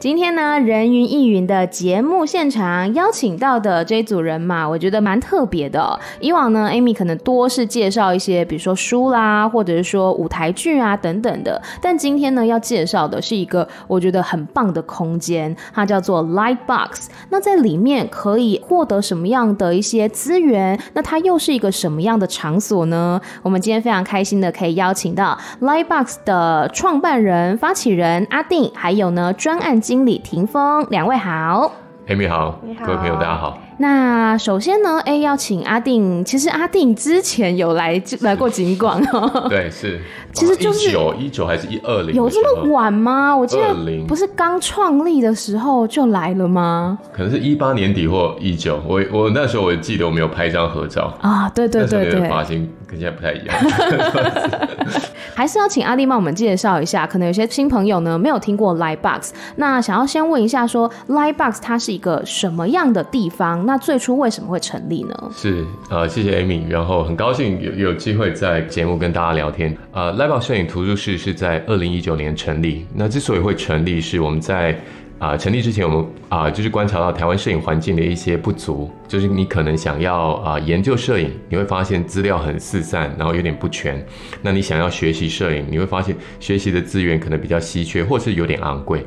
今天呢，人云藝云的節目現場邀請到的這一組人馬，我覺得蠻特別的哦。以往呢，Amy 可能多是介紹一些，比如說書啦，或者是說舞台劇啊等等的。但今天呢，要介紹的是一個我覺得很棒的空間，它叫做 Lightbox。那在裡面可以獲得什麼樣的一些資源？那它又是一個什麼樣的場所呢？我們今天非常開心的可以邀請到 Lightbox 的創辦人、發起人阿定，還有呢專案。經理亭楓兩位好，Amy 好，好，各位朋友大家好。那首先呢，哎、欸，要請阿定。其實阿定之前有來是來過警廣哦。對，是。 其實就是一九一九還是一二零？有這麼晚嗎？我記得不是剛創立的時候就來了嗎？可能是一八年底或一九。我我那時候我記得我沒有拍一張合照啊。對對對對，對。那時候的髮型跟現在不太一樣。 還是要請阿定幫我們介紹一下。可能有些新朋友呢，沒有聽過 Lightbox。那想要先問一下說，說 Lightbox 它是一個什麼樣的地方？那最初為什麼會成立呢？是呃，謝謝 Amy，然後很高興有有機會在節目跟大家聊天。呃，Lightbox 攝影圖書室是在二零一九年成立。那之所以會成立，是我們在。啊、呃，成立之前我們啊、呃，就是觀察到台灣攝影環境的一些不足，就是你可能想要啊、呃、研究攝影，你會發現資料很四散，然後有點不全；那你想要學習攝影，你會發現學習的資源可能比較稀缺，或者是有點昂貴，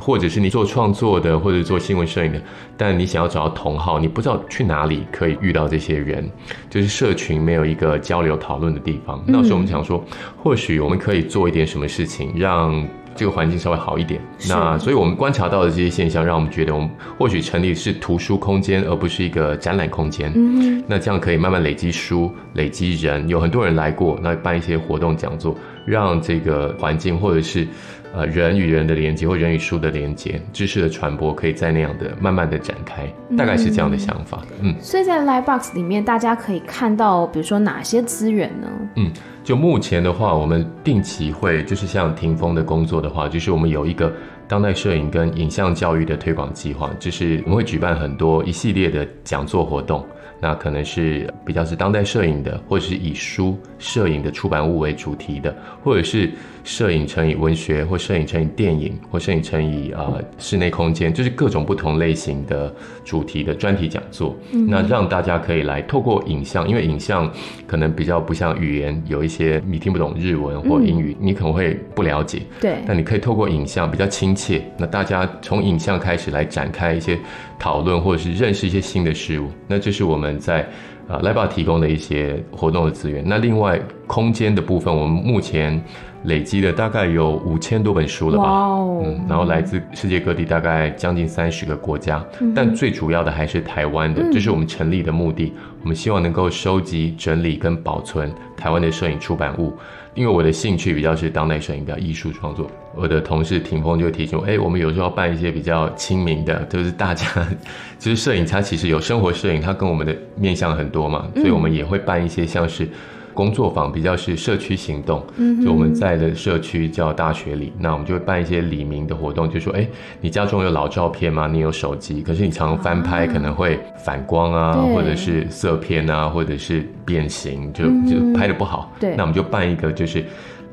或者是你做創作的，或者做新聞攝影的，但你想要找到同好，你不知道去哪裡可以遇到這些人，就是社群沒有一個交流討論的地方。嗯、那時候我們想說，或許我們可以做一點什麼事情讓。這個環境稍微好一點，那是所以我們觀察到的這些現象，讓我們覺得我們或許成立是圖書空間，而不是一個展覽空間。嗯，那這樣可以慢慢累積書，累積人，有很多人來過，那辦一些活動講座，讓這個環境或者是，呃，人與人的連接，或人與書的連接，知識的傳播，可以在那樣的慢慢的展開，嗯、大概是這樣的想法。嗯，所以在 Lightbox 裡面，大家可以看到，比如說哪些資源呢？嗯，就目前的話，我們定期會，就是像亭楓的工作的話，就是我們有一個當代攝影跟影像教育的推廣計劃，就是我們會舉辦很多一系列的講座活動。那可能是比較是當代攝影的，或者是以書攝影的出版物為主題的，或者是攝影乘以文學，或攝影乘以電影，或攝影乘以啊、呃、室內空間，就是各種不同類型的主題的專題講座。嗯、哼那讓大家可以來透過影像，因為影像可能比較不像語言，有一些你聽不懂日文或英語，嗯、你可能會不了解。對。但你可以透過影像比較親切。那大家從影像開始來展開一些討論，或者是認識一些新的事物。那這是我們。在啊 Lightbox 提供的一些活動的資源。那另外空間的部分，我們目前累積的大概有五千多本書了吧？Wow. 嗯，然後來自世界各地，大概將近三十個國家。Mm hmm. 但最主要的還是台灣的，這、就是我們成立的目的。Mm hmm. 我們希望能夠收集、整理跟保存台灣的攝影出版物。因為我的興趣比較是當代攝影，比較藝術創作。我的同事亭楓就提醒我，哎、欸，我們有時候要辦一些比較親民的，就是大家，就是攝影，它其實有生活攝影，它跟我們的面向很多嘛，所以我們也會辦一些像是工作坊，比較是社區行動。嗯，就我們在的社區叫大學里，嗯、哼那我們就會辦一些里民的活動，就說，哎、欸，你家中有老照片嗎？你有手機，可是你常，常翻拍可能會反光啊，啊或者是色偏啊，或者是變形，就就拍得不好。嗯對那我們就辦一個，就是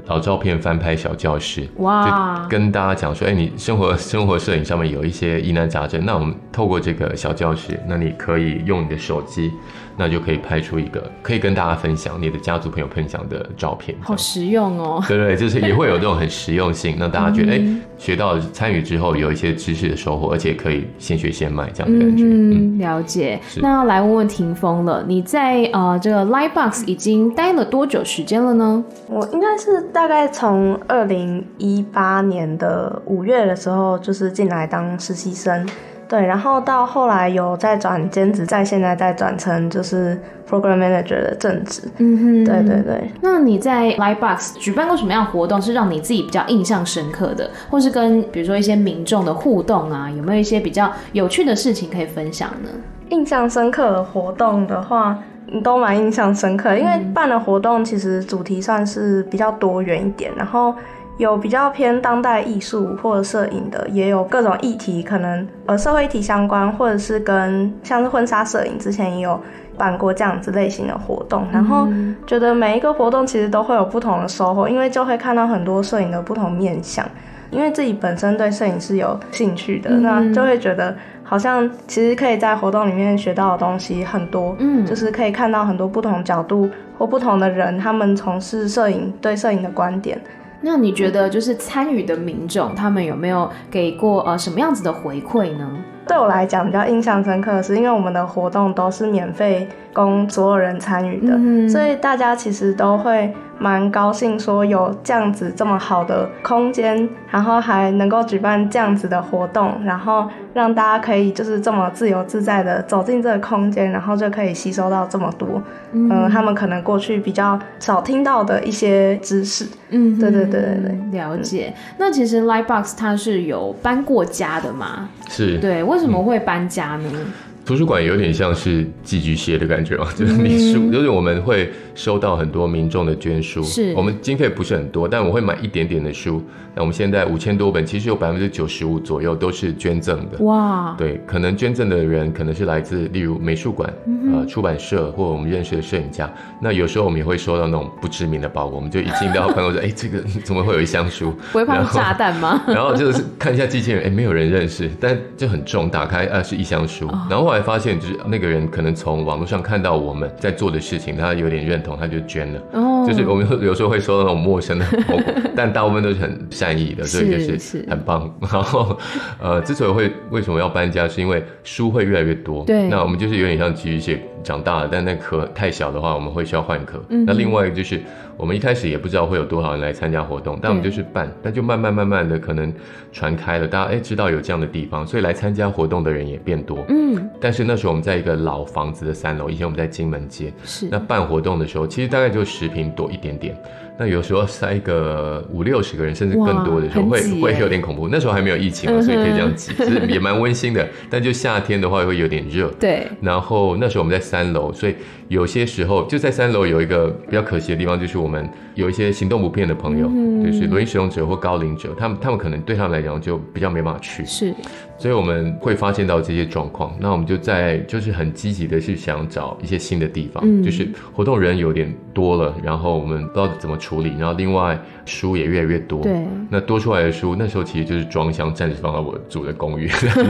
老照片翻拍小教室，哇就跟大家講說，哎、欸，你生活生活攝影上面有一些疑難雜症，那我們透過這個小教室，那你可以用你的手機。那就可以拍出一個可以跟大家分享你的家族朋友分享的照片。好實用哦。對對，就是也會有這種很實用性， 讓大家覺得哎、嗯嗯，學到參與之後有一些知識的收穫，而且可以現學現賣這樣的感覺。嗯、嗯，了解。那來問問亭楓了，你在呃這個 Lightbox 已經待了多久時間了呢？我應該是大概從二零一八年的五月的時候，就是進來當實習生。對，然後到後來有再轉兼職，在現在再轉成就是 program manager 的正職。嗯哼，對對對。那你在 Lightbox 舉辦過什麼樣的活動是讓你自己比較印象深刻的，或是跟比如說一些民眾的互動啊，有沒有一些比較有趣的事情可以分享呢？印象深刻的活動的話，都蠻印象深刻的，嗯、因為辦的活動其實主題算是比較多元一點，然後。有比較偏當代藝術或者攝影的，也有各種議題，可能呃社會議題相關，或者是跟像是婚紗攝影，之前也有辦過這樣子類型的活動。嗯、然後覺得每一個活動其實都會有不同的收穫，因為就會看到很多攝影的不同面向。因為自己本身對攝影是有興趣的，嗯、那就會覺得好像其實可以在活動裡面學到的東西很多，嗯，就是可以看到很多不同角度或不同的人他們從事攝影對攝影的觀點。那你覺得，就是參與的民眾，他們有沒有給過呃什麼樣子的回饋呢？對我來講比較印象深刻的是，因為我們的活動都是免費供所有人參與的，嗯，所以大家其實都會。蠻高興說有這樣子這麼好的空間，然後還能夠舉辦這樣子的活動，然後讓大家可以就是這麼自由自在的走進這個空間，然後就可以吸收到這麼多，嗯哼、呃，他們可能過去比較少聽到的一些知識，嗯哼，對對對對對，了解。嗯、那其實 Lightbox 它是有搬過家的嘛？是，對，為什麼會搬家呢？嗯圖書館有點像是寄居蟹的感覺哦，就是秘書、mm hmm. 就是我們會收到很多民眾的捐書。是，我們經費不是很多，但我會買一點點的書。那我們現在五千多本，其實有百分之九十五左右都是捐贈的。哇，Wow. 對，可能捐贈的人可能是來自例如美術館、mm hmm. 呃出版社、或我們認識的攝影家。那有時候我們也會收到那種不知名的包裹，我們就一進到朋友說：“哎，這個怎麼會有一箱書？”不會怕有後炸彈彈嗎？ 然後就是看一下寄件人，哎、欸，沒有人認識，但就很重，打開啊是一箱書，oh. 然後我。才發現就是那個人可能從網絡上看到我們在做的事情，他有點認同，他就捐了。Oh. 就是我們有時候會收到那種陌生的， 但大部分都是很善意的，所以就是很棒。然後，呃，之所以會為什麼要搬家，是因為書會越來越多。對，那我們就是有點像寄居蟹長大了，但那殼太小的話，我們會需要換殼。嗯、哼那另外一個就是。我們一開始也不知道會有多少人來參加活動，但我們就是辦，對但就慢慢慢慢的可能傳開了，大家哎、欸、知道有這樣的地方，所以來參加活動的人也變多。嗯，但是那時候我們在一個老房子的三樓，以前我們在金門街，是那辦活動的時候，其實大概就十坪多一點點。那有時候塞一個五六十個人，甚至更多的時候會會，會有點恐怖。那時候還沒有疫情，啊，嗯、哼所以可以這樣擠，其實也蠻溫馨的。 但就夏天的話，會有點熱。對。然後那時候我們在三樓，所以有些時候就在三樓，有一個比較可惜的地方，就是我們有一些行動不便的朋友，就是、嗯、對、輪椅使用者或高齡者，他們他們可能對他們來講就比較沒辦法去。是。所以我們會發現到這些狀況，那我們就在就是很積極的去想找一些新的地方，嗯、就是活動人有點多了，然後我們不知道怎麼處理，然後另外書也越來越多，對，那多出來的書那時候其實就是裝箱，暫時放到我租的公寓，就是、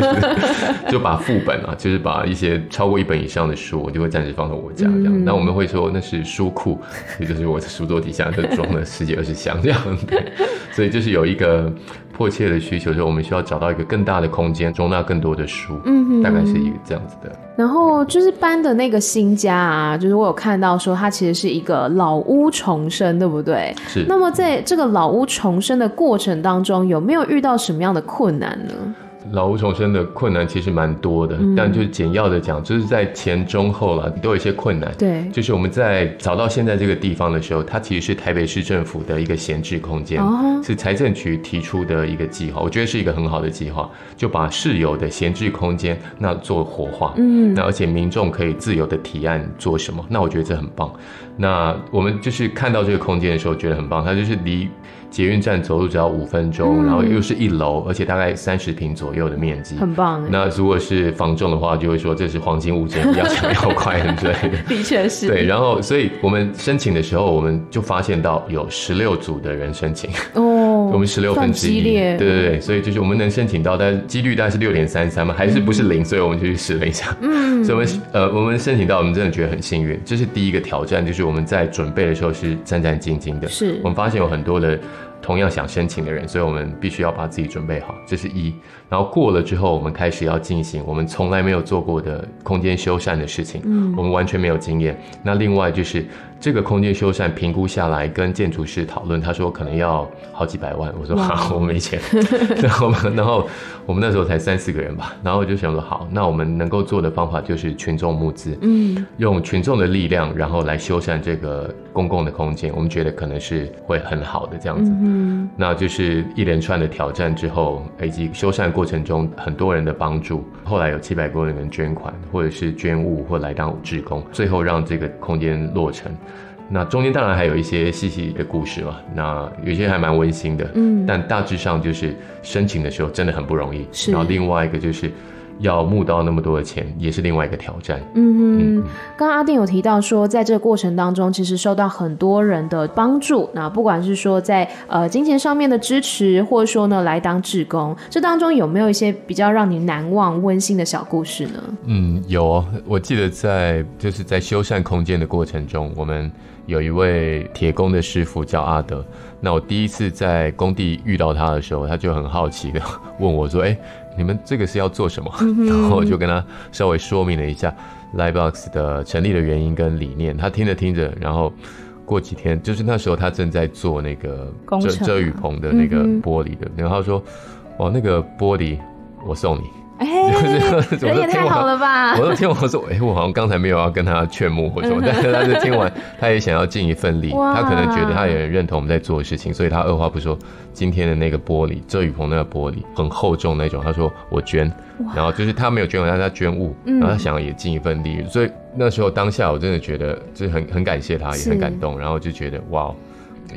就把副本啊，就是把一些超過一本以上的書，我就會暫時放到我家這樣。嗯、那我們會說那是書庫，也就是我的書桌底下就裝了十幾二十箱這樣對，所以就是有一個迫切的需求，就是我們需要找到一個更大的空間，容納更多的書，嗯哼，大概是一個這樣子的。嗯、然後就是搬的那個新家啊，就是我有看到說，它其實是一個老屋重生，對不對？是。那麼在這個老屋重生的過程當中，有沒有遇到什麼樣的困難呢？老屋重生的困難其實蠻多的，嗯、但就是簡要的講，就是在前中後啦，都有一些困難。對，就是我們在找到現在這個地方的時候，它其實是台北市政府的一個閒置空間，哦、是財政局提出的一個計劃，我覺得是一個很好的計劃，就把市有的閒置空間那做活化，嗯，那而且民眾可以自由的提案做什麼，那我覺得這很棒。那我們就是看到這個空間的時候覺得很棒，它就是離。捷運站走路只要五分鐘，然後又是一樓，嗯、而且大概三十坪左右的面積，很棒。那如果是房仲的話，就會說這是黃金物件，要搶要快之類 的確是。對，然後所以我們申請的時候，我們就發現到有十六組的人申請。哦。我們十六分之一，對對對，所以就是我們能申請到，但是幾率大概是六點三三嘛，還是不是零，嗯，所以我們就去試了一下。嗯，所以我們呃，我們申請到，我們真的覺得很幸運。這是第一個挑戰，就是我們在準備的時候是戰戰兢兢的。是，我們發現有很多的。同樣想申請的人，所以我們必須要把自己準備好，這是一。然後過了之後，我們開始要進行我們從來沒有做過的空間修繕的事情，嗯、我們完全沒有經驗。那另外就是這個空間修繕評估下來，跟建築師討論，他說可能要好幾百萬，我說好哇、啊，我沒錢。 然後，然後我們那時候才三四個人吧，然後我就想說好，那我們能夠做的方法就是群眾募資，嗯，用群眾的力量，然後來修繕這個公共的空間，我們覺得可能是會很好的這樣子。嗯那就是一連串的挑戰之後，以及修繕過程中很多人的幫助。後來有七百多人捐款，或者是捐物，或來當志工，最後讓這個空間落成。那中間當然還有一些細細的故事嘛，那有些還蠻溫馨的。嗯，但大致上就是申請的時候真的很不容易。是。然後另外一個就是。要募到那麼多的錢也是另外一個挑戰。嗯哼嗯，剛剛阿定有提到說，在這個過程當中，其實受到很多人的幫助。那不管是說在呃金錢上面的支持，或者說呢來當志工，這當中有沒有一些比較讓你難忘、溫馨的小故事呢？嗯，有哦。我記得在就是在修繕空間的過程中，我們有一位鐵工的師傅叫阿德。那我第一次在工地遇到他的時候，他就很好奇地問我說：“哎、欸。”你們這個是要做什麼？然後我就跟他稍微說明了一下 Lightbox 的成立的原因跟理念。他聽着聽着，然後過幾天，就是那時候他正在做那個遮遮雨棚的那個玻璃的，然後他說：“哦，那個玻璃我送你。”哎，欸、也太好了吧？ 就是我都聽完，我都聽完。我說，哎、欸，我好像剛才沒有要跟他勸募或者什麼，但是他就聽完， 他也想要盡一份力。哇他可能覺得他也認同我們在做的事情，所以他二話不說，今天的那個玻璃，遮雨棚那個玻璃很厚重那種，他說我捐。哇然後就是他沒有捐完，他在捐物，然後他想要也盡一份力。嗯、所以那時候當下我真的覺得，就是很很感謝他，也很感動，是然後就覺得哇。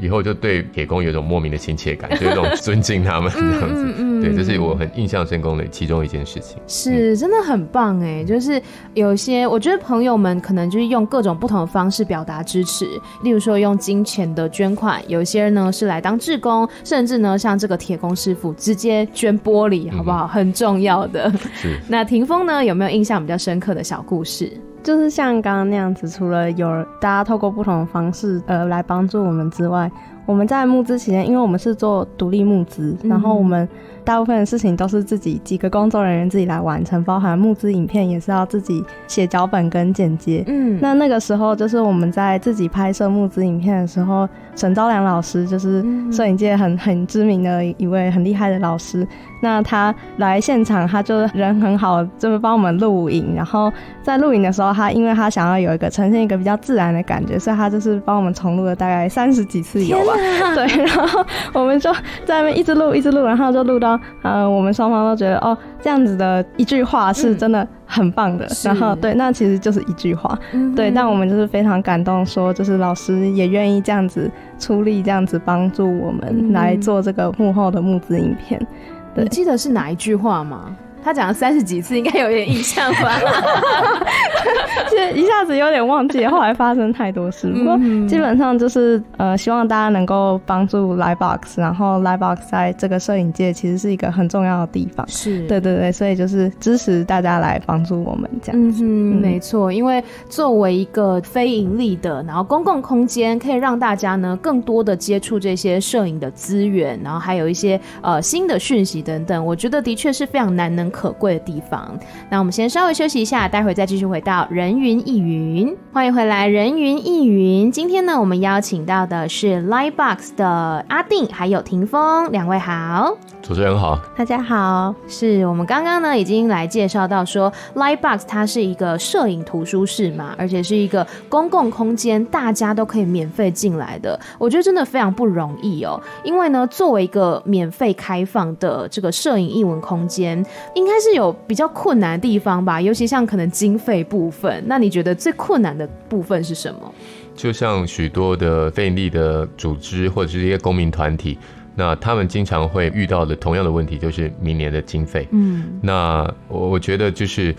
以後就對鐵工有種莫名的親切感， 就有一種尊敬他們這樣子。 嗯嗯嗯、對，這是我很印象深刻的其中一件事情。是，嗯、真的很棒哎！就是有些，我覺得朋友們可能就是用各種不同的方式表達支持，例如說用金錢的捐款，有些人呢是來當志工，甚至呢像這個鐵工師傅直接捐玻璃，嗯、好不好？很重要的。是。 那亭楓呢，有沒有印象比較深刻的小故事？就是像剛剛那樣子，除了有大家透過不同的方式，呃，來幫助我們之外，我們在募資期間，因為我們是做獨立募資，嗯、然後我們。大部分的事情都是自己幾個工作人員自己來完成，包含募資影片也是要自己寫腳本跟剪接。嗯，那那個時候就是我們在自己拍攝募資影片的時候，沈昭良老師就是攝影界很很知名的一位很厲害的老師。嗯、那他來現場，他就是人很好，就是幫我們錄影。然後在錄影的時候，他因為他想要有一個呈現一個比較自然的感覺，所以他就是幫我們重錄了大概三十幾次有吧。啊、對，然後我們就在那邊一直錄一直錄，然後就錄到。呃、嗯，我們雙方都覺得哦，這樣子的一句話是真的很棒的。嗯、然後對，那其實就是一句話。嗯、哼對，但我們就是非常感動，說就是老師也願意這樣子出力，這樣子幫助我們來做這個幕後的募資影片。嗯、哼對，你記得是哪一句話嗎？他講了三十幾次，應該有點印象吧？是 一下子有點忘記，後來發生太多事。不過 基本上就是呃，希望大家能夠幫助 Lightbox，然後 Lightbox 在這個攝影界其實是一個很重要的地方。是，對對對，所以就是支持大家來幫助我們這樣。嗯哼嗯，沒錯，因為作為一個非營利的，然後公共空間可以讓大家呢更多的接觸這些攝影的資源，然後還有一些呃新的訊息等等。我覺得的確是非常難能可貴的地方。那我們先稍微休息一下，待會再繼續回到《人云藝云》。歡迎回來，《人云藝云》。今天呢，我們邀請到的是 Lightbox 的阿定，還有亭楓，兩位好。主持人好，大家好，是我們剛剛呢已經來介紹到說，Lightbox 它是一個攝影圖書室嘛，而且是一個公共空間，大家都可以免費進來的。我覺得真的非常不容易哦、喔，因為呢，作為一個免費開放的這個攝影藝文空間，應該是有比較困難的地方吧，尤其像可能經費部分。那你覺得最困難的部分是什麼？就像許多的非營利的組織或者是一些公民團體。那他們經常會遇到的同樣的問題就是明年的經費。嗯，那我我覺得就是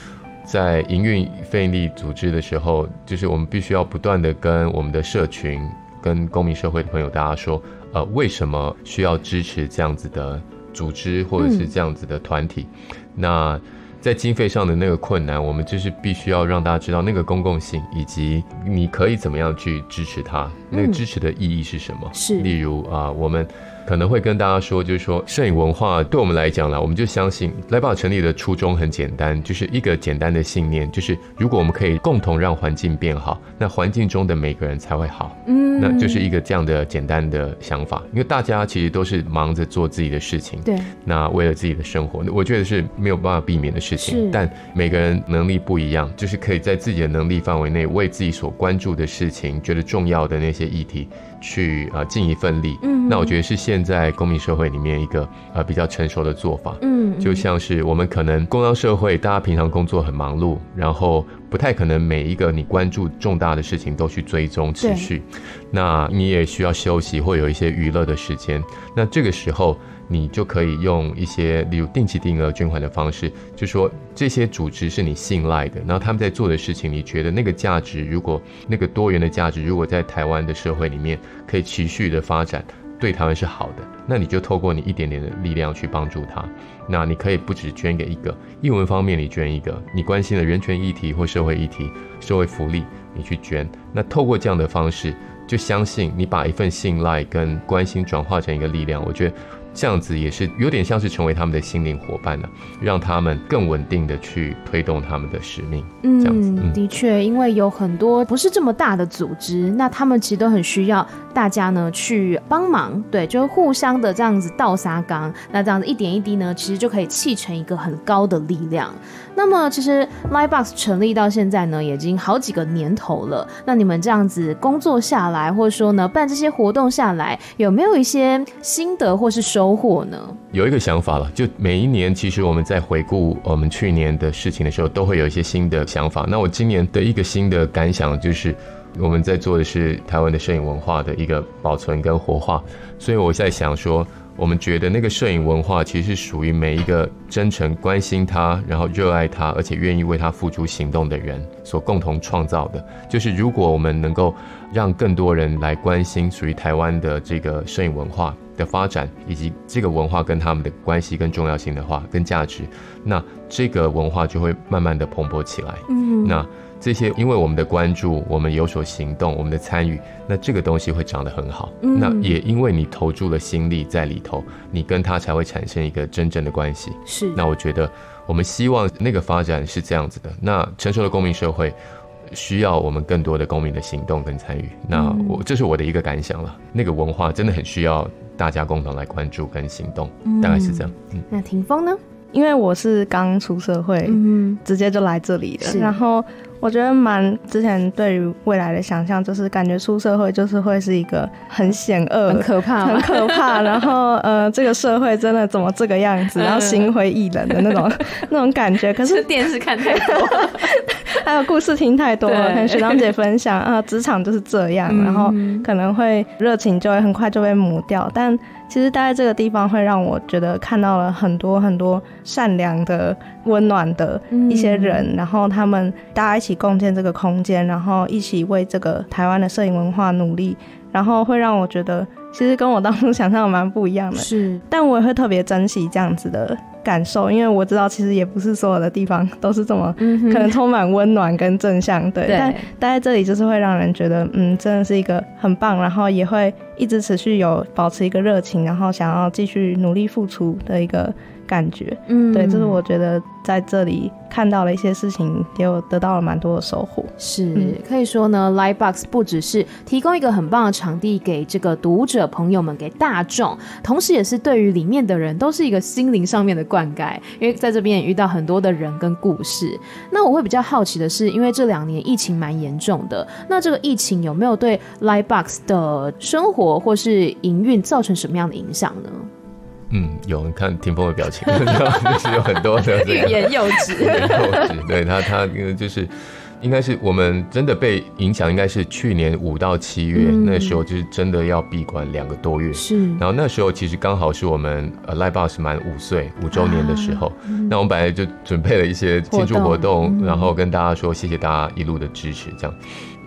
在營運非營利組織的時候，就是我們必須要不斷的跟我們的社群、跟公民社會的朋友大家說，呃，為什麼需要支持這樣子的組織或者是這樣子的團體？嗯、那在經費上的那個困難，我們就是必須要讓大家知道那個公共性以及你可以怎麼樣去支持它，那個支持的意義是什麼？嗯、是，例如啊、呃，我們。可能會跟大家說，就是說攝影文化對我們來講呢，我們就相信 Lightbox 成立的初衷很簡單，就是一個簡單的信念，就是如果我們可以共同讓環境變好，那環境中的每個人才會好。嗯，那就是一個這樣的簡單的想法。因為大家其實都是忙着做自己的事情，對，那為了自己的生活，我覺得是沒有辦法避免的事情。是但每個人能力不一樣，就是可以在自己的能力範圍內，為自己所關注的事情覺得重要的那些議題去啊，盡、呃、一份力。嗯哼，那我覺得是現在公民社會裡面一個啊、呃、比較成熟的做法。嗯哼，就像是我們可能工商社會，大家平常工作很忙碌，然後不太可能每一個你關注重大的事情都去追蹤持續。對那你也需要休息，或有一些娛樂的時間。那這個時候。你就可以用一些，例如定期定額捐款的方式，就說這些組織是你信賴的，然後他們在做的事情，你覺得那個價值，如果那個多元的價值，如果在台灣的社會裡面可以持續的發展，對台灣是好的，那你就透過你一點點的力量去幫助他。那你可以不只捐給一個，藝文方面你捐一個，你關心的人權議題或社會議題、社會福利，你去捐。那透過這樣的方式，就相信你把一份信賴跟關心轉化成一個力量，我覺得。這樣子也是有點像是成為他們的心靈夥伴呢、啊，讓他們更穩定的去推動他們的使命。嗯，這樣子、嗯、的確，因為有很多不是這麼大的組織，那他們其實都很需要大家呢去幫忙，對，就是互相的這樣子倒沙缸，那這樣子一點一滴呢，其實就可以砌成一個很高的力量。那麼其實 Lightbox 成立到現在呢，已經好幾個年頭了。那你們這樣子工作下來，或者說呢辦這些活動下來，有沒有一些心得或是收？收穫呢？有一個想法了，就每一年，其實我們在回顧我們去年的事情的時候，都會有一些新的想法。那我今年的一個新的感想就是，我們在做的是台灣的攝影文化的一個保存跟活化。所以我在想說，我們覺得那個攝影文化其實是屬於每一個真誠關心它、然後熱愛它，而且願意為它付出行動的人所共同創造的。就是如果我們能夠讓更多人來關心屬於台灣的這個攝影文化，發展以及這個文化跟他們的關係跟重要性的話，跟價值，那這個文化就會慢慢的蓬勃起來。嗯、mm-hmm. 那這些因為我們的關注，我們有所行動，我們的參與，那這個東西會長得很好。Mm-hmm. 那也因為你投注了心力在裡頭，你跟他才會產生一個真正的關係。是，那我覺得我們希望那個發展是這樣子的。那成熟的公民社會需要我們更多的公民的行動跟參與。那我這是我的一個感想了。那個文化真的很需要。大家共同來關注跟行動，嗯，大概是這樣。嗯，那亭楓呢？因為我是剛出社會，嗯、哼直接就來這裡的，然後我覺得蠻之前對於未來的想象就是感覺出社會就是會是一個很險惡、很可怕、很可怕， 然後呃這個社會真的怎麼這個樣子，嗯、哼然後心灰意冷的那種、嗯、哼那種感覺。可是，是電視看太多， 還有故事聽太多了，跟對學長姐分享啊，職、呃、場就是這樣，嗯、哼然後可能會熱情就會很快就被磨掉，但。其實待在這個地方，會讓我覺得看到了很多很多善良的、溫暖的一些人，嗯、然後他們大家一起共建這個空間，然後一起為這個台灣的攝影文化努力，然後會讓我覺得，其實跟我當初想象的蠻不一樣的。是，但我也會特別珍惜這樣子的。感受，因為我知道，其實也不是所有的地方都是這麼，嗯哼。可能充滿溫暖跟正向，對。對。但待在這裡，就是會讓人覺得，嗯，真的是一個很棒，然後也會一直持續有保持一個熱情，然後想要繼續努力付出的一個感覺，嗯，對，這、就是我覺得在這裡看到了一些事情，也有得到了蠻多的收穫。是，嗯、可以說呢，Lightbox 不只是提供一個很棒的場地給這個讀者朋友們、給大眾，同時也是對於裡面的人都是一個心靈上面的灌溉，因為在這邊也遇到很多的人跟故事。那我會比較好奇的是，因為這兩年疫情蠻嚴重的，那這個疫情有沒有對 Lightbox 的生活或是營運造成什麼樣的影響呢？嗯，有看亭楓的表情， 就是有很多的欲言又止，欲言又止。對他，他因為就是應該是我們真的被影響，應該是去年五到七月、嗯、那時候，就是真的要閉館兩個多月。是，然後那時候其實剛好是我們呃 Lightbox 滿五歲五周年的時候，啊嗯、那我們本來就準備了一些慶祝活動，活動嗯、然後跟大家說謝謝大家一路的支持，這樣。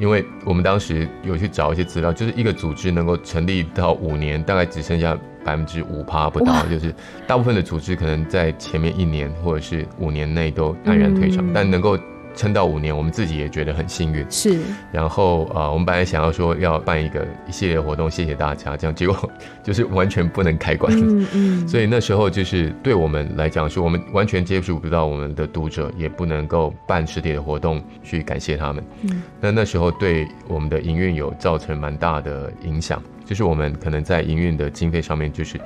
因為我們當時有去找一些資料，就是一個組織能夠成立到五年，大概只剩下。百分之五趴不到，哇就是大部分的組織可能在前面一年或者是五年內都黯然退場，嗯、但能夠撐到五年，我們自己也覺得很幸運。是。然後呃，我們本來想要說要辦一個一系列的活動，謝謝大家，這樣結果就是完全不能開館。嗯嗯。所以那時候就是對我們來講，是我們完全接觸不到我們的讀者，也不能夠辦實體的活動去感謝他們。嗯、那那時候對我們的營運有造成蠻大的影響。就是我們可能在營運的經費上面，就是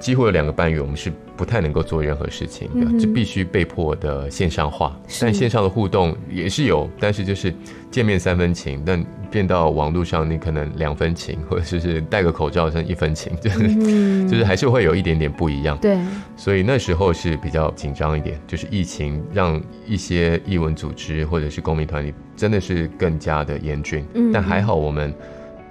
幾乎有兩個半月，我們是不太能夠做任何事情的，嗯、哼就必須被迫的線上化。是但線上的互動也是有，但是就是見面三分情，但變到網絡上，你可能兩分情，或者是戴個口罩像一分情，就是、嗯、哼就是還是會有一點點不一樣。對，所以那時候是比較緊張一點，就是疫情讓一些藝文組織或者是公民團體真的是更加的嚴峻。嗯、哼但還好我們。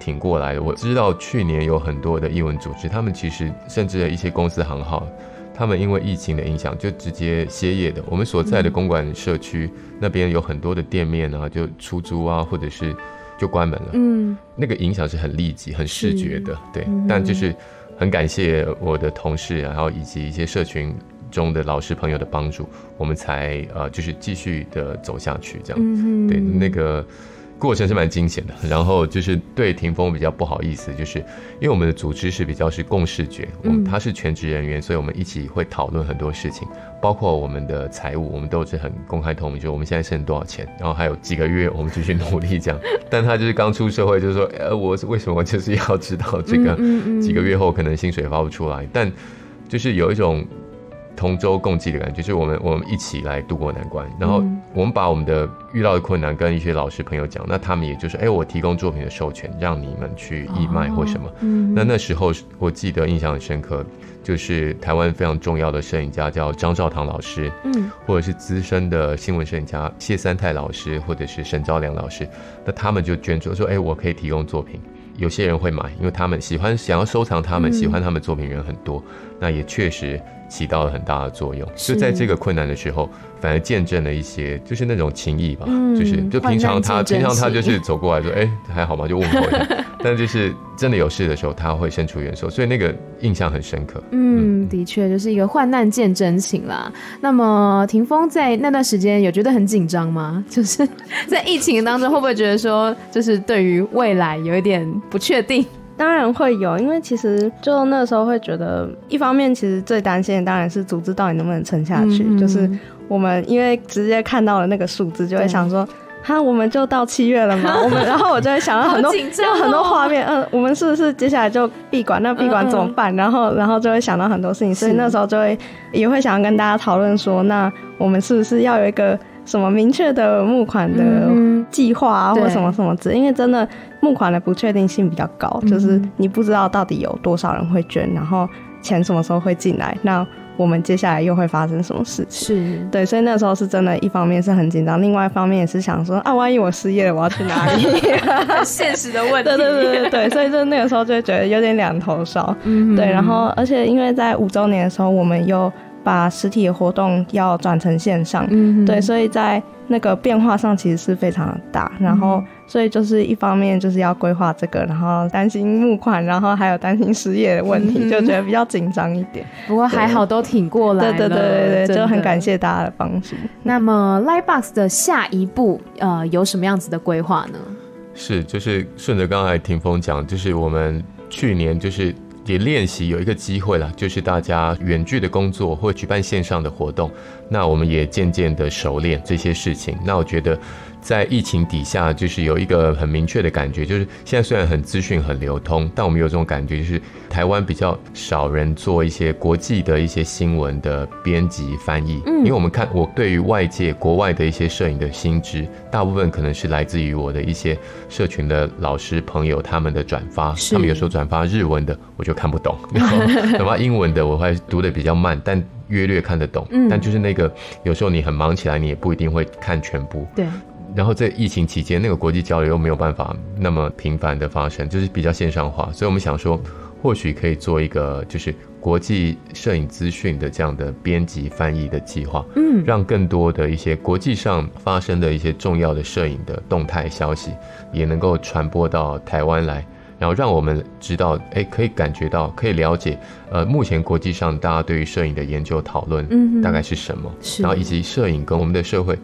挺過來的。我知道去年有很多的藝文組織，他們其實甚至一些公司行號，他們因為疫情的影響就直接歇業的。我們所在的公館社區、嗯、那邊有很多的店面啊，就出租啊，或者是就關門了。嗯，那個影響是很立即、很視覺的。是對，嗯、但就是很感謝我的同事、啊，然後以及一些社群中的老師朋友的幫助，我們才呃就是繼續的走下去這樣。嗯、對那個。過程是蠻驚險的，然後就是對亭楓比較不好意思，就是因為我們的組織是比較是共識決，嗯，他是全職人員，所以我們一起會討論很多事情，嗯、包括我們的財務，我們都是很公開透明，就我們現在剩多少錢，然後還有幾個月我們繼續努力這樣。 但他就是剛出社會，就是說，呃、欸，我為什麼就是要知道這個？幾個月後可能薪水發不出來，嗯嗯嗯，但就是有一種。同舟共濟的感覺，就是我們我們一起來渡過難關。然後我們把我們的遇到的困難跟一些老師朋友講，嗯、那他們也就是哎、欸，我提供作品的授權，讓你們去義賣或什麼。哦、嗯、那那時候我記得印象很深刻，就是台灣非常重要的攝影家叫張照堂老師，嗯，或者是資深的新聞攝影家謝三泰老師，或者是沈昭良老師，那他們就捐助說：“哎、欸，我可以提供作品。”有些人會買，因為他們喜歡想要收藏，他們喜歡他們作品人很多。嗯、那也確實。起到了很大的作用，是就在這個困難的時候，反而見證了一些就是那種情誼吧，嗯、就是就平常他平常他就是走過來說，哎、欸，還好嗎？就問過， 但就是真的有事的時候，他會伸出援手，所以那個印象很深刻。嗯，嗯的確就是一個患難見真情啦。那麼，亭楓在那段時間有覺得很緊張嗎？就是在疫情當中， 會不會覺得說，就是對於未來有一點不確定？當然會有，因為其實就那時候會覺得，一方面其實最擔心的當然是組織到底能不能撐下去。嗯嗯、就是我們因為直接看到了那個數字，就會想說，對哈，我們就到七月了嘛， 我們然後我就會想到很多，有、 喔、很多畫面。嗯、呃，我們是不是接下來就閉館？那閉館怎麼辦？嗯、然後，然後就會想到很多事情，對所以那時候就會也會想要跟大家討論說，那我們是不是要有一個？什麼明確的募款的計劃啊，嗯、哼或者什麼什麼之類，對因為真的募款的不確定性比較高，嗯、哼就是你不知道到底有多少人會捐，然後錢什麼時候會進來，那我們接下來又會發生什麼事情？是對，所以那時候是真的一方面是很緊張，另外一方面也是想說啊，萬一我失業了，我要去哪裡？ 現實的問題。對對對對對，所以就那個時候就會覺得有點兩頭燒。嗯哼，對，然後而且因為在五周年的時候，我們又，把實體的活動要轉成線上，嗯、哼對，所以在那個變化上其實是非常的大。然後，嗯、哼所以就是一方面就是要規劃這個，然後擔心募款，然後還有擔心失業的問題，嗯、哼就覺得比較緊張一點。不過還好都挺過來了，對對對對對，的就很感謝大家的幫助。那麼 Lightbox 的下一步呃有什麼樣子的規劃呢？是，就是順着剛才亭楓講，就是我們去年就是。也練習有一個機會了，就是大家遠距的工作或舉辦線上的活動，那我們也漸漸的熟練這些事情。那我覺得。在疫情底下，就是有一個很明確的感覺，就是現在雖然很資訊很流通，但我們有這種感覺，就是台灣比較少人做一些國際的一些新聞的編輯翻譯。因為我們看我對於外界國外的一些攝影的新知，大部分可能是來自於我的一些社群的老師朋友他們的轉發。他們有時候轉發日文的，我就看不懂；然後轉發英文的，我會讀得比較慢，但約略看得懂。但就是那個有時候你很忙起來，你也不一定會看全部。對。然後在疫情期間，那個國際交流又沒有辦法那麼頻繁的發生，就是比較線上化。所以我們想說，或許可以做一個就是國際攝影資訊的這樣的編輯翻譯的計劃，嗯，讓更多的一些國際上發生的一些重要的攝影的動態消息，也能夠傳播到台灣來，然後讓我們知道，誒，可以感覺到，可以了解，呃，目前國際上大家對於攝影的研究討論，嗯，大概是什麼，嗯、然後以及攝影跟我們的社會。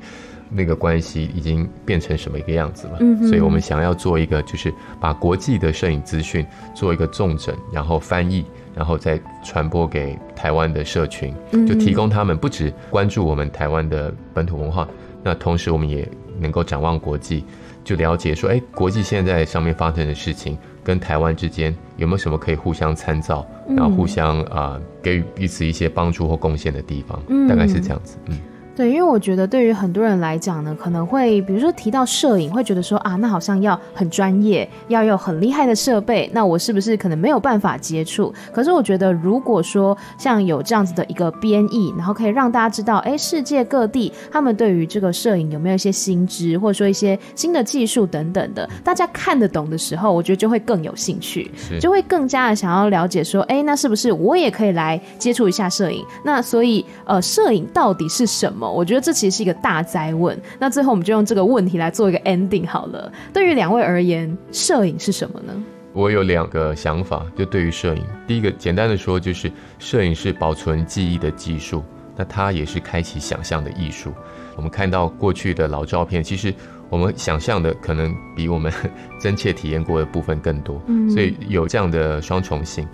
那個關係已經變成什麼一個樣子了？嗯、哼所以我們想要做一個，就是把國際的攝影資訊做一個重整，然後翻譯，然後再傳播給台灣的社群，就提供他們不只關注我們台灣的本土文化，嗯、哼那同時我們也能夠展望國際，就了解說，哎、欸，國際現在上面發生的事情跟台灣之間有沒有什麼可以互相參照，嗯、然後互相啊、呃、給予彼此一些幫助或貢獻的地方，嗯、大概是這樣子，嗯。對，因為我覺得對於很多人來講呢，可能會比如說提到攝影，會覺得說啊，那好像要很專業，要有很厲害的設備，那我是不是可能沒有辦法接觸？可是我覺得，如果說像有這樣子的一個編譯，然後可以讓大家知道，哎，世界各地他們對於這個攝影有沒有一些新知，或者說一些新的技術等等的，大家看得懂的時候，我覺得就會更有興趣，是就會更加的想要了解說，哎，那是不是我也可以來接觸一下攝影？那所以，呃，攝影到底是什麼？我覺得這其實是一個大哉問。那最後我們就用這個問題來做一個 ending 好了。對於兩位而言，攝影是什麼呢？我有兩個想法，就對於攝影，第一個簡單的說，就是攝影是保存記憶的技術，那它也是開啟想象的藝術。我們看到過去的老照片，其實我們想象的可能比我們真切體驗過的部分更多，嗯、所以有這樣的雙重性。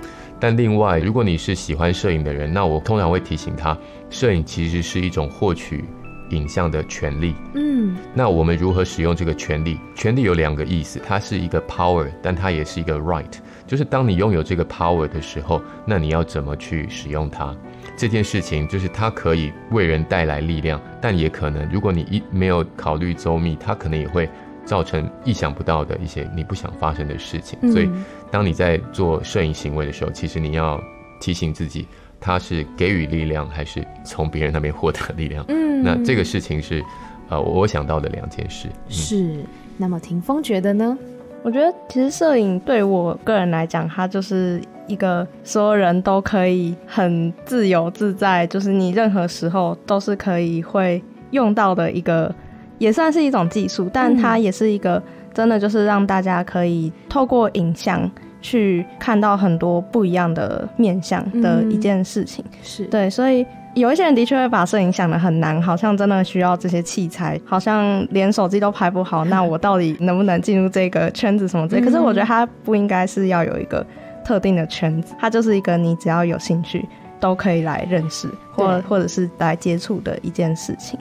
但另外，如果你是喜歡攝影的人，那我通常會提醒他，攝影其實是一種獲取影像的權利。嗯，那我們如何使用這個權利？權利有兩個意思，它是一個 power，但它也是一個 right。就是當你擁有這個 power 的時候，那你要怎麼去使用它？這件事情就是它可以為人帶來力量，但也可能，如果你一沒有考慮周密，它可能也會。造成意想不到的一些你不想發生的事情，嗯、所以，當你在做攝影行為的時候，其實你要提醒自己，它是給予力量還是從別人那邊獲得力量？嗯，那這個事情是，呃，我想到的兩件事。嗯、是，那麼亭楓覺得呢？我覺得其實攝影對我個人來講，它就是一個所有人都可以很自由自在，就是你任何時候都是可以會用到的一個。也算是一種技術，但它也是一個真的就是讓大家可以透過影像去看到很多不一樣的面向的一件事情。嗯、是對，所以有一些人的確會把攝影想的很難，好像真的需要這些器材，好像連手機都拍不好。那我到底能不能進入這個圈子什麼之類？嗯、哼可是我覺得它不應該是要有一個特定的圈子，它就是一個你只要有興趣都可以來認識或對或者是來接觸的一件事情。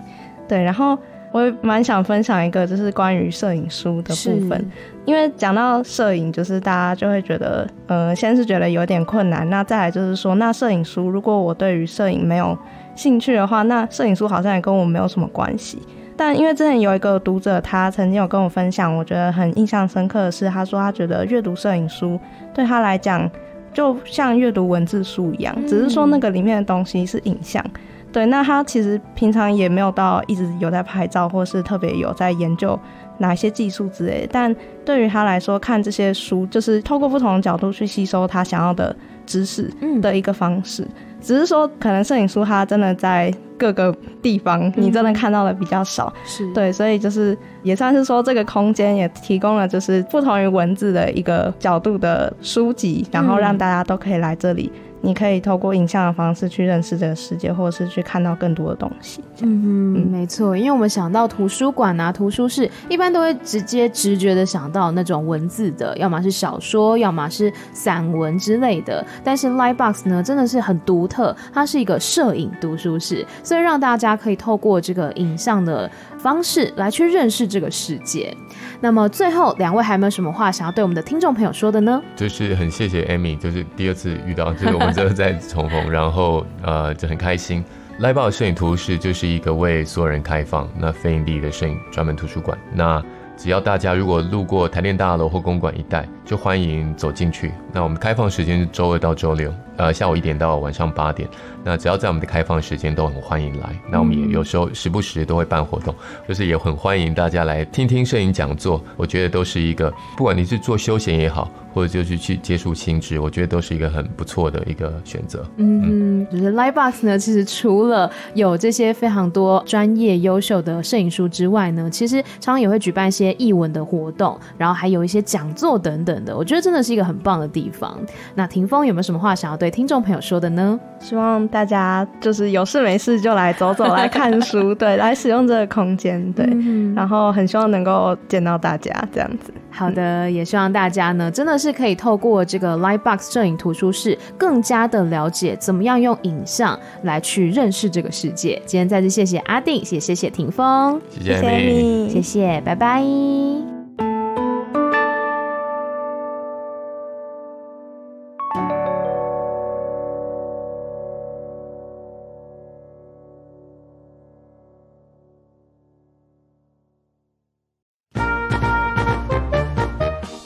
對，然後。我也蠻想分享一個，就是關於攝影書的部分，是因為講到攝影，就是大家就會覺得，嗯、呃，先是覺得有點困難，那再來就是說，那攝影書，如果我對於攝影沒有興趣的話，那攝影書好像也跟我沒有什麼關係。但因為之前有一個讀者，他曾經有跟我分享，我覺得很印象深刻的是，他說他覺得閱讀攝影書對他來講，就像閱讀文字書一樣，嗯、只是說那個裡面的東西是影像。對，那他其實平常也沒有到一直有在拍照，或是特別有在研究哪些技術之類。但對於他來說，看這些書就是透過不同的角度去吸收他想要的知識的一個方式。嗯、只是說，可能攝影書他真的在各個地方你真的看到的比較少，是、嗯、對。所以就是也算是說，這個空間也提供了就是不同於文字的一個角度的書籍，然後讓大家都可以來這裡。嗯你可以透過影像的方式去認識這個世界，或者是去看到更多的東西。嗯，嗯，沒錯，因為我們想到圖書館啊、圖書室，一般都會直接直覺的想到那種文字的，要麼是小說，要麼是散文之類的。但是 Lightbox 呢，真的是很獨特，它是一個攝影讀書室，所以讓大家可以透過這個影像的。方式來去認識這個世界。那麼最後兩位還沒有什麼話想要對我們的聽眾朋友說的呢？就是很謝謝艾米，就是第二次遇到，就是我們真的在重逢， 然後呃就很開心。Lightbox 攝影圖書室就是一個為所有人開放，那非營利的攝影專門圖書館。那只要大家如果路過台電大樓或公館一帶，就歡迎走進去。那我們開放時間是週二到週六，呃下午一點到晚上八點。那只要在我們的開放時間都很歡迎來。那我們也有時候時不時都會辦活動，嗯、就是也很歡迎大家來聽聽攝影講座。我覺得都是一個，不管你是做休閒也好，或者就是去接觸新知，我覺得都是一個很不錯的一個選擇。嗯，就是、嗯、Lightbox 呢，其實除了有這些非常多專業優秀的攝影書之外呢，其實常常也會舉辦一些藝文的活動，然後還有一些講座等等的。我覺得真的是一個很棒的地方。那亭楓有沒有什麼話想要對聽眾朋友說的呢？希望。大家就是有事沒事就來走走，來看書， 對，來使用這個空間，對。嗯、哼然後很希望能夠見到大家這樣子。好的，嗯、也希望大家呢，真的是可以透過這個 Lightbox 攝影圖書室，更加的了解怎麼樣用影像來去認識這個世界。今天再次謝謝阿定，謝謝謝謝亭楓，謝謝 Amy，謝謝，拜拜。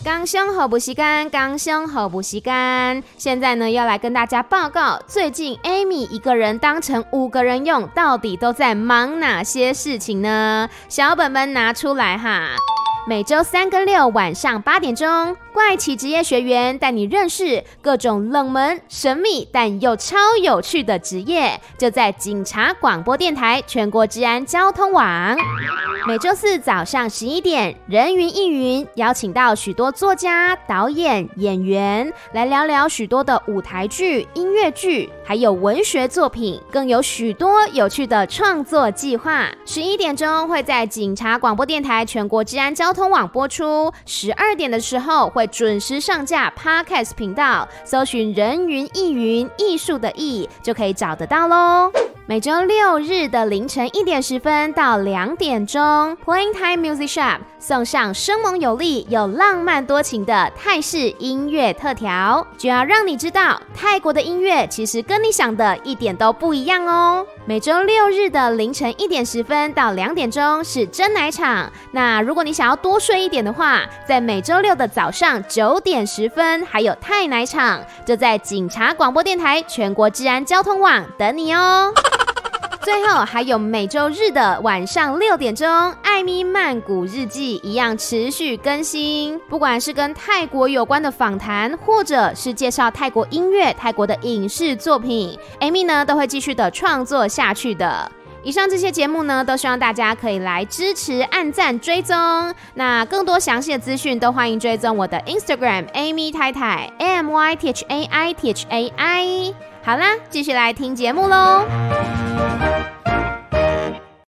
剛生好不習干，剛生好不習干。現在呢，要來跟大家報告，最近 Amy 一個人當成五個人用，到底都在忙哪些事情呢？小本本拿出來哈。每週三跟六晚上八點鐘。怪奇職業學員帶你認識各種冷門、神秘但又超有趣的職業，就在警察廣播電台全國治安交通網，每周四早上十一點，人云藝云，邀請到許多作家、導演、演員來聊聊許多的舞台劇、音樂劇，還有文學作品，更有許多有趣的創作計劃。十一點鐘會在警察廣播電台全國治安交通網播出，十二點的時候會。準時上架 Podcast 頻道，搜尋“人云藝云”，“藝術”的“藝”，就可以找得到嘍。每周六日的凌晨一點十分到兩點鐘，Playing Time Music Shop 送上生猛有力又浪漫多情的泰式音樂特調，就要讓你知道泰國的音樂其實跟你想的一點都不一樣哦、喔。每周六日的凌晨一點十分到兩點鐘是珍奶場，那如果你想要多睡一點的話，在每周六的早上九點十分還有泰奶場，就在警察廣播電台全國治安交通網等你哦、喔。最後還有每周日的晚上六點鐘，艾咪曼谷日記一樣持續更新。不管是跟泰國有關的訪談，或者是介紹泰國音樂、泰國的影視作品，艾咪呢都會繼續的創作下去的。以上這些節目呢，都希望大家可以來支持、按讚、追蹤。那更多詳細的資訊，都歡迎追蹤我的 Instagram，Amy 太太，A M Y T H A I T H A I。好啦，繼續來聽節目嘍。